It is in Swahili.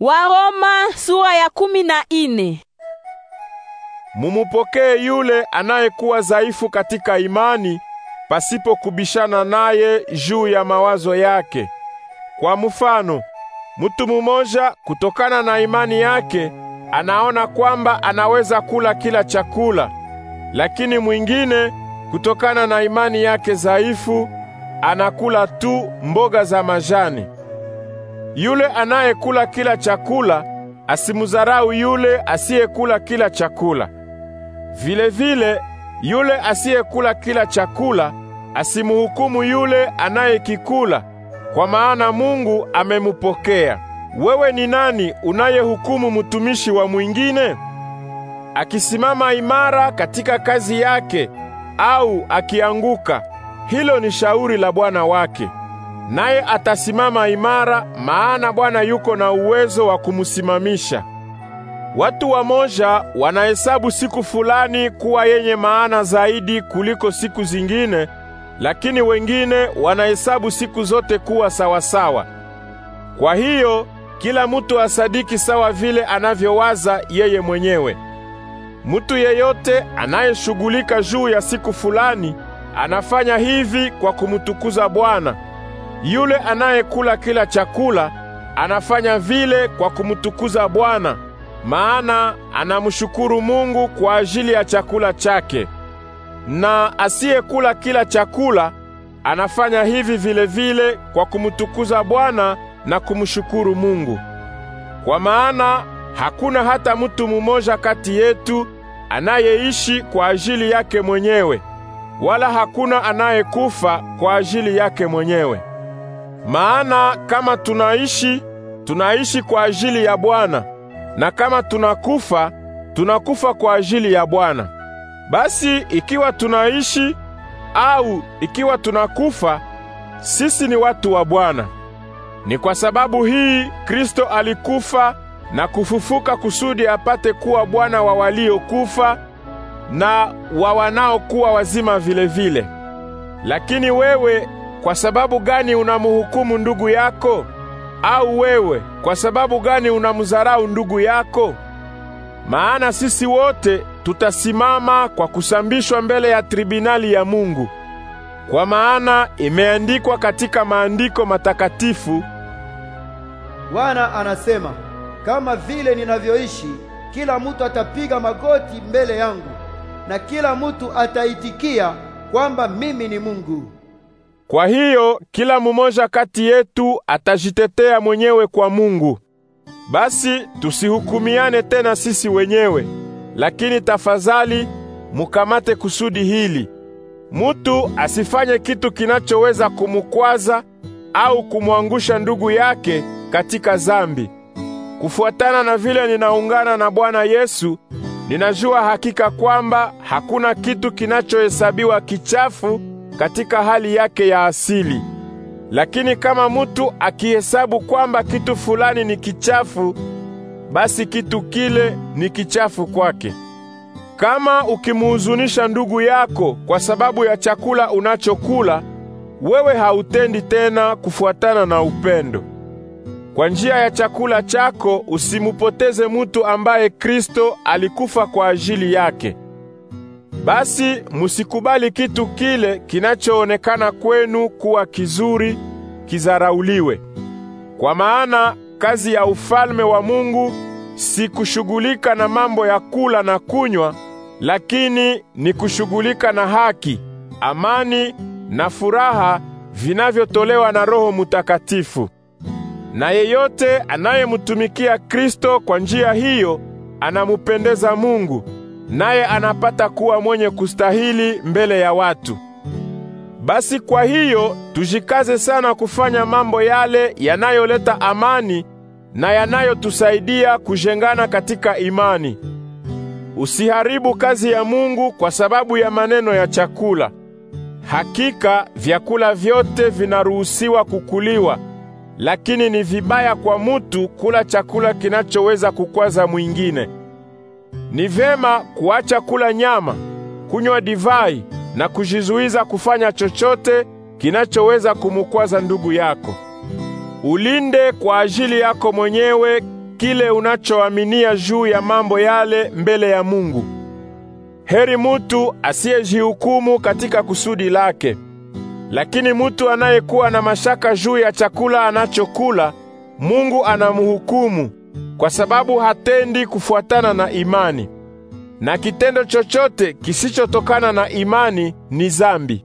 Waroma sura ya kumi na ine. Mumupokee yule anayekuwa dhaifu katika imani pasipokubishana naye juu ya mawazo yake. Kwa mfano, mtu mumoja kutokana na imani yake anaona kwamba anaweza kula kila chakula, lakini mwingine kutokana na imani yake dhaifu anakula tu mboga za majani. Yule anayekula kila chakula asimudharau yule asiyekula kila chakula. Vilevile vile, yule asiyekula kila chakula asimuhukumu yule anayekikula, kwa maana Mungu amemupokea. Wewe ni nani unayehukumu mtumishi wa mwingine? Akisimama imara katika kazi yake au akianguka, hilo ni shauri la bwana wake naye atasimama imara, maana Bwana yuko na uwezo wa kumsimamisha. Watu wamoja wanahesabu siku fulani kuwa yenye maana zaidi kuliko siku zingine, lakini wengine wanahesabu siku zote kuwa sawasawa. Kwa hiyo kila mutu asadiki sawa vile anavyowaza yeye mwenyewe. mtu yeyote anayeshughulika juu ya siku fulani anafanya hivi kwa kumtukuza Bwana, yule anayekula kila chakula anafanya vile kwa kumtukuza Bwana, maana anamshukuru Mungu kwa ajili ya chakula chake. Na asiyekula kila chakula anafanya hivi vile vile kwa kumtukuza Bwana na kumshukuru Mungu. Kwa maana hakuna hata mtu mmoja kati yetu anayeishi kwa ajili yake mwenyewe, wala hakuna anayekufa kwa ajili yake mwenyewe. Maana kama tunaishi, tunaishi kwa ajili ya Bwana, na kama tunakufa, tunakufa kwa ajili ya Bwana. Basi ikiwa tunaishi au ikiwa tunakufa, sisi ni watu wa Bwana. Ni kwa sababu hii Kristo alikufa na kufufuka kusudi apate kuwa Bwana wa waliokufa na wa wanaokuwa wazima vilevile vile. Lakini wewe kwa sababu gani unamhukumu ndugu yako? Au wewe kwa sababu gani unamdharau ndugu yako? Maana sisi wote tutasimama kwa kusambishwa mbele ya tribinali ya Mungu. Kwa maana imeandikwa katika maandiko matakatifu, Bwana anasema, kama vile ninavyoishi, kila mutu atapiga magoti mbele yangu na kila mutu ataitikia kwamba mimi ni Mungu. Kwa hiyo kila mumoja kati yetu atajitetea mwenyewe kwa Mungu. Basi tusihukumiane tena sisi wenyewe, lakini tafadhali mukamate kusudi hili, mutu asifanye kitu kinachoweza kumukwaza au kumwangusha ndugu yake katika zambi. Kufuatana na vile ninaungana na Bwana Yesu, ninajua hakika kwamba hakuna kitu kinachohesabiwa kichafu katika hali yake ya asili. Lakini kama mutu akihesabu kwamba kitu fulani ni kichafu, basi kitu kile ni kichafu kwake. Kama ukimuhuzunisha ndugu yako kwa sababu ya chakula unachokula, wewe hautendi tena kufuatana na upendo. Kwa njia ya chakula chako usimupoteze mutu ambaye Kristo alikufa kwa ajili yake. Basi musikubali kitu kile kinachoonekana kwenu kuwa kizuri kizarauliwe, kwa maana kazi ya ufalme wa Mungu si kushughulika na mambo ya kula na kunywa, lakini ni kushughulika na haki, amani na furaha vinavyotolewa na Roho Mutakatifu. Na yeyote anayemtumikia Kristo kwa njia hiyo anamupendeza Mungu naye anapata kuwa mwenye kustahili mbele ya watu. Basi kwa hiyo tujikaze sana kufanya mambo yale yanayoleta amani na yanayotusaidia kujengana katika imani. Usiharibu kazi ya Mungu kwa sababu ya maneno ya chakula. Hakika vyakula vyote vinaruhusiwa kukuliwa, lakini ni vibaya kwa mutu kula chakula kinachoweza kukwaza mwingine. Ni vema kuacha kula nyama, kunywa divai na kujizuiza kufanya chochote kinachoweza kumukwaza ndugu yako. Ulinde kwa ajili yako mwenyewe kile unachoaminia juu ya mambo yale mbele ya Mungu. Heri mutu asiyejihukumu katika kusudi lake, lakini mutu anayekuwa na mashaka juu ya chakula anachokula, Mungu anamhukumu kwa sababu hatendi kufuatana na imani, na kitendo chochote kisichotokana na imani ni zambi